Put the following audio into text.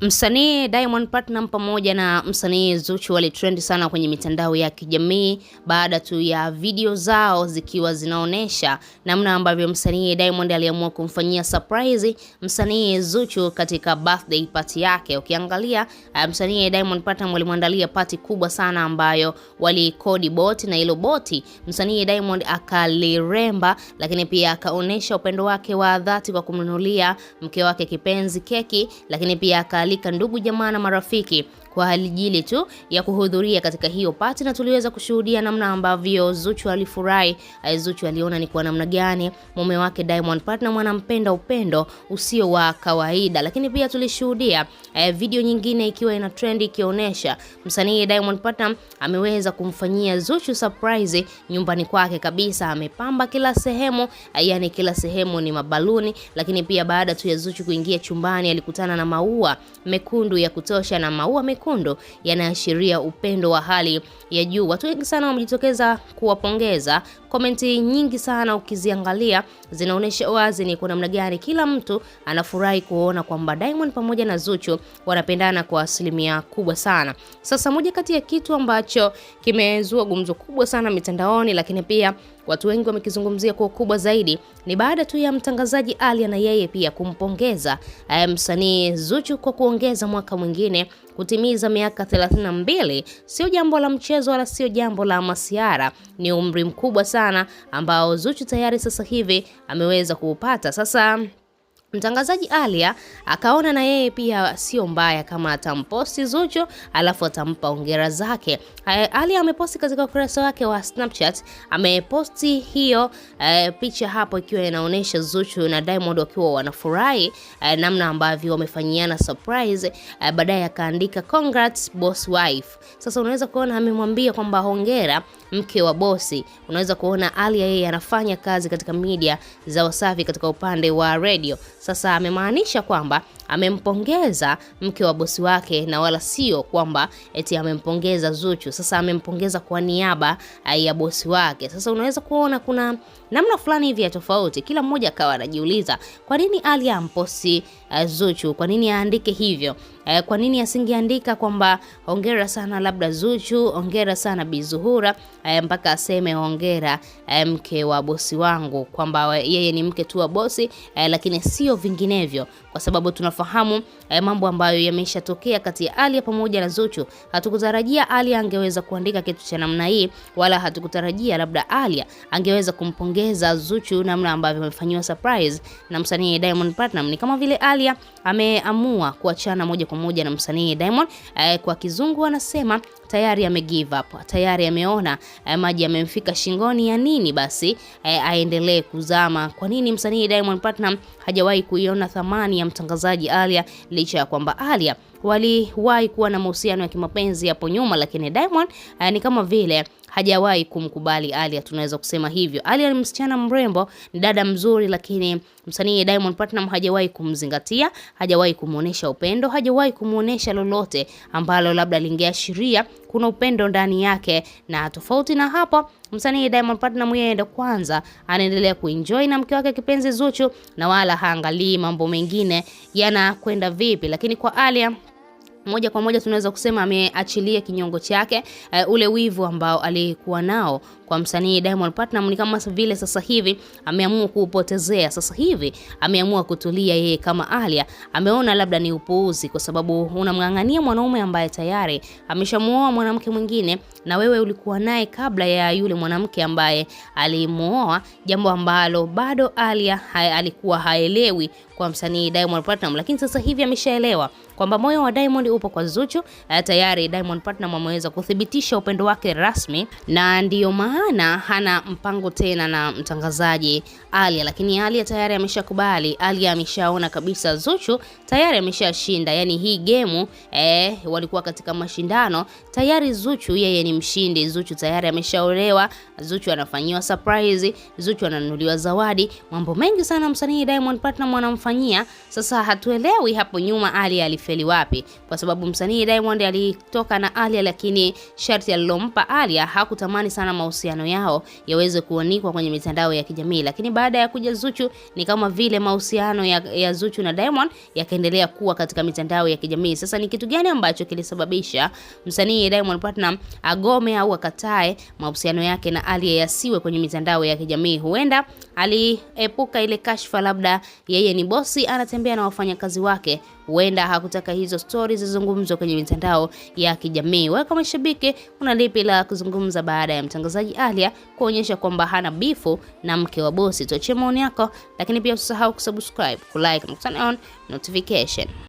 Msanii Diamond Platnumz pamoja na msanii Zuchu walitrend sana kwenye mitandao ya kijamii baada tu ya video zao zikiwa zinaonyesha namna ambavyo msanii Diamond aliamua kumfanyia surprise msanii Zuchu katika birthday party yake. Ukiangalia uh, msanii Diamond Platnumz walimwandalia party kubwa sana ambayo walikodi boti, na ilo boti msanii Diamond akaliremba, lakini pia akaonesha upendo wake wa dhati kwa kumnunulia mke wake kipenzi keki, lakini pia aka Akawaalika ndugu jamaa na marafiki kwa halijili tu ya kuhudhuria katika hiyo pati, na tuliweza kushuhudia namna ambavyo Zuchu alifurahi. Zuchu aliona ni kwa namna gani mume wake Diamond Platnumz anampenda upendo usio wa kawaida, lakini pia tulishuhudia eh, video nyingine ikiwa ina trend ikionyesha msanii Diamond Platnumz ameweza kumfanyia Zuchu surprise nyumbani kwake kabisa, amepamba kila sehemu, yani kila sehemu ni mabaluni, lakini pia baada tu ya Zuchu kuingia chumbani alikutana na maua mekundu ya kutosha na maua mekundu mekundu yanaashiria upendo wa hali ya juu. Watu wengi sana wamejitokeza kuwapongeza. Komenti nyingi sana ukiziangalia zinaonyesha wazi ni kwa namna gani kila mtu anafurahi kuona kwamba Diamond pamoja na Zuchu wanapendana kwa asilimia kubwa sana. Sasa moja kati ya kitu ambacho kimezua gumzo kubwa sana mitandaoni, lakini pia watu wengi wamekizungumzia kwa ukubwa zaidi ni baada tu ya mtangazaji Alia na yeye pia kumpongeza eh, msanii Zuchu kwa kuongeza mwaka mwingine Kutimiza miaka 32 sio jambo la mchezo wala sio jambo la masiara. Ni umri mkubwa sana ambao Zuchu tayari sasa hivi ameweza kuupata. Sasa Mtangazaji Alia ah, akaona na yeye pia sio mbaya kama atamposti Zuchu alafu atampa ongera zake. Eh, Alia ameposti katika ukurasa wake wa Snapchat, ameposti hiyo e, picha hapo ikiwa inaonyesha Zuchu na Diamond wakiwa wanafurahi e, namna ambavyo wamefanyiana surprise e, baadaye akaandika congrats boss wife. Sasa unaweza kuona amemwambia kwamba hongera mke wa bosi. Unaweza kuona Alia yeye anafanya kazi katika media za Wasafi katika upande wa radio. Sasa amemaanisha kwamba amempongeza mke wa bosi wake, na wala sio kwamba eti amempongeza Zuchu. Sasa amempongeza kwa niaba eh, ya bosi wake. Sasa unaweza kuona kuna namna fulani hivi ya tofauti, kila mmoja akawa anajiuliza kwa nini Ali amposi uh, Zuchu, kwa nini aandike hivyo? Uh, kwa nini asingeandika kwamba hongera sana labda Zuchu, hongera sana Bizuhura, uh, mpaka aseme hongera uh, mke wa bosi wangu, kwamba yeye ni mke tu wa bosi uh, lakini sio vinginevyo, kwa sababu tuna tunafahamu eh, mambo ambayo yameshatokea kati ya Aaliyah pamoja na Zuchu. Hatukutarajia Aaliyah angeweza kuandika kitu cha namna hii, wala hatukutarajia labda Aaliyah angeweza kumpongeza Zuchu namna ambavyo amefanyiwa surprise na msanii Diamond Platnumz. Ni kama vile Aaliyah ameamua kuachana moja kwa moja na msanii Diamond. Eh, kwa kizungu anasema tayari give up, tayari ameona eh, maji yamemfika shingoni. Ya nini basi eh, aendelee kuzama? Kwa nini msanii Diamond Platnumz hajawahi kuiona thamani ya mtangazaji Alia licha ya kwamba Alia waliwahi kuwa na mahusiano ya kimapenzi hapo nyuma, lakini Diamond uh, ni kama vile hajawahi kumkubali Alia, tunaweza kusema hivyo. Alia ni msichana mrembo, ni dada mzuri, lakini msanii Diamond Platnumz hajawahi kumzingatia, hajawahi kumuonesha upendo, hajawahi kumuonesha lolote ambalo labda lingeashiria kuna upendo ndani yake, na tofauti na hapo, msanii Diamond Platnumz yeye ndo kwanza anaendelea kuenjoy na mke wake kipenzi Zuchu, na wala haangalii mambo mengine yanakwenda vipi, lakini kwa Alia moja kwa moja tunaweza kusema ameachilia kinyongo chake, uh, ule wivu ambao alikuwa nao kwa msanii Diamond Platnumz ni kama vile sasa hivi ameamua kuupotezea. Sasa hivi ameamua kutulia, yeye kama Alia ameona labda ni upuuzi, kwa sababu unamng'ang'ania mwanaume ambaye tayari ameshamuoa mwanamke mwingine, na wewe ulikuwa naye kabla ya yule mwanamke ambaye alimuoa, jambo ambalo bado Alia hai, alikuwa haelewi kwa msanii Diamond Platnumz, lakini sasa hivi ameshaelewa kwamba moyo wa Diamond upo kwa Zuchu. Eh, tayari Diamond Platnumz ameweza kuthibitisha upendo wake rasmi na ndiyo maana maana hana mpango tena na mtangazaji Alia, lakini Alia tayari ameshakubali. Alia ameshaona kabisa Zuchu tayari ameshashinda, yani hii gemu eh, walikuwa katika mashindano tayari. Zuchu yeye ni mshindi, Zuchu tayari ameshaolewa, Zuchu anafanyiwa surprise, Zuchu ananunuliwa zawadi, mambo mengi sana msanii Diamond Platnumz anamfanyia. Sasa hatuelewi hapo nyuma Alia alifeli wapi, kwa sababu msanii Diamond alitoka na Alia, lakini sharti alilompa Alia hakutamani sana mahusiano mahusiano yao yaweze kuonikwa kwenye mitandao ya kijamii, lakini baada ya kuja Zuchu ni kama vile mahusiano ya, ya Zuchu na Diamond yakaendelea kuwa katika mitandao ya kijamii. Sasa ni kitu gani ambacho kilisababisha msanii Diamond Platinum agome au akatae mahusiano yake na ali yasiwe kwenye mitandao ya kijamii? Huenda aliepuka ile kashfa, labda yeye ni bosi, anatembea na wafanyakazi wake huenda hakutaka hizo stori zizungumzwe kwenye mitandao ya kijamii. Wewe kama shabiki, una lipi la kuzungumza baada ya mtangazaji Alia kuonyesha kwamba hana bifu na mke wa bosi? Tuachie maoni yako, lakini pia usisahau kusubscribe, kulike na kutana on notification.